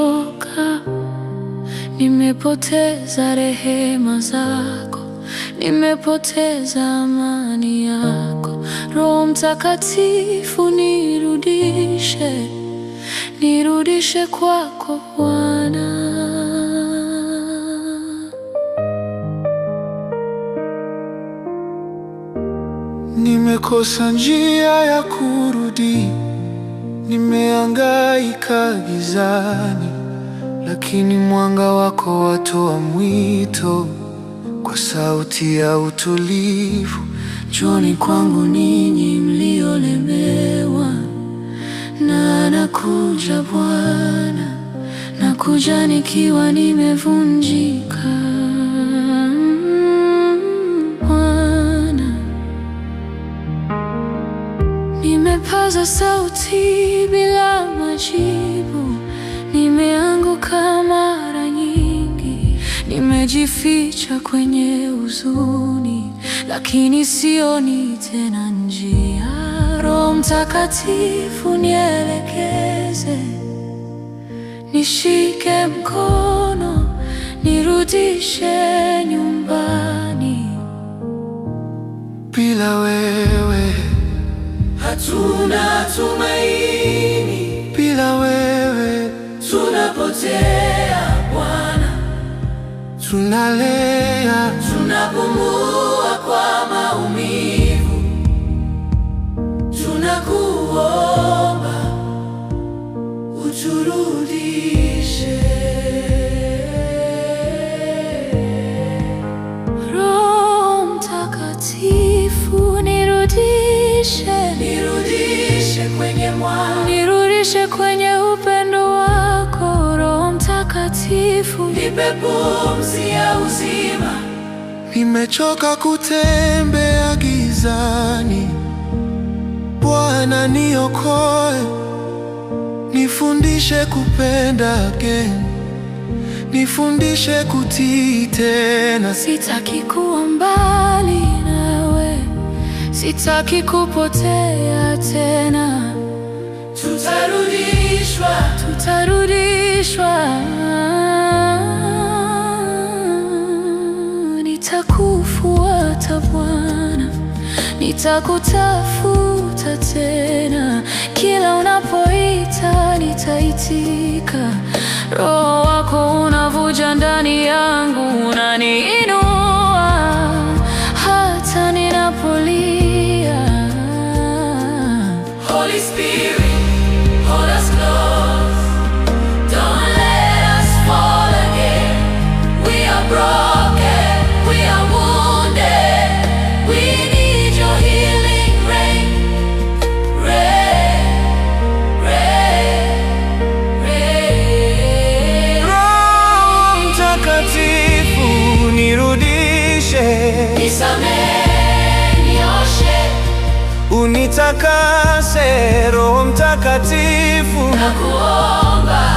nimechoka, nimepoteza rehema zako, nimepoteza amani yako. Roho Mtakatifu nirudishe, nirudishe kwako Bwana. Nimekosa njia ya kurudi, nimehangaika gizani lakini mwanga wako watoa mwito kwa sauti ya utulivu, njoni kwangu ninyi mliolemewa, na nakuja Bwana, nakuja nikiwa nimevunjika. nimepaza sauti bila Nimejificha kwenye huzuni, lakini sioni tena njia. Roho Mtakatifu nielekeze, nishike mkono, nirudishe nyumbani. Bila wewe hatuna tumaini. una ley nipe pumzi ya uzima. Nimechoka kutembea gizani, Bwana niokoe, nifundishe kupenda again, nifundishe kutii tena. Sitaki kuwa mbali nawe, sitaki kupotea tena. Tutarudishwa, tutarudishwa nitakufuata Bwana, nitakutafuta tena, kila unapoita nitaitika. Roho wako unavuja ndani yangu, unaniinua hata ninapolia. Holy Spirit nitakase, Roho Mtakatifu, nakuomba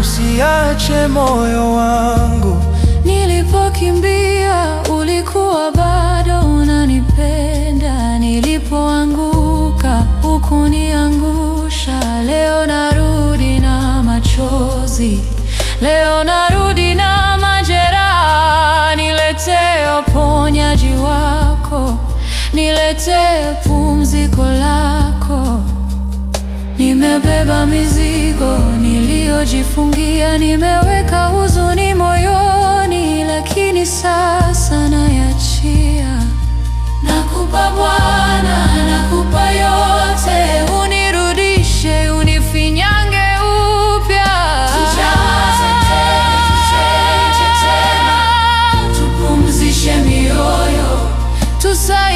usiache moyo wangu. Nilipokimbia ulikuwa bado unanipenda, nilipoanguka hukuniangusha. Leo narudi na machozi, leo narudi na majeraha. Niletee uponyaji wako, niletee pumziko lako. Nimebeba mizigo niliyojifungia, nimeweka huzuni moyoni, lakini sasa nayachia. Nakupa Bwana, nakupa yote, unirudishe, unifinyange upya, tupumzishe mioyo, tusaidie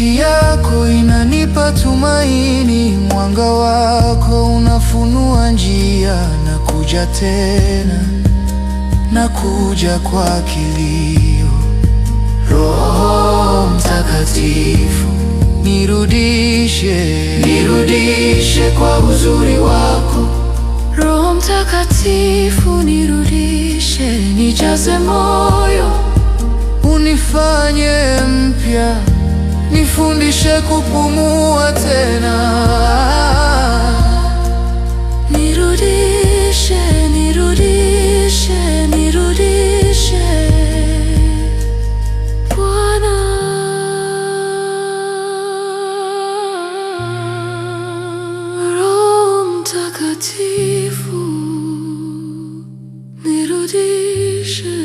Sauti yako inanipa tumaini, mwanga wako unafunua njia. na kuja tena, kuja kwa kilio. Roho Mtakatifu, nirudishe, nirudishe kwa uzuri wako. Roho Mtakatifu, nirudishe, nijaze moyo, unifanye mpya nifundishe kupumua tena, nirudishe, nirudishe, nirudishe Bwana. Roho Mtakatifu, nirudishe,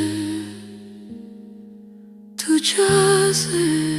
tujaze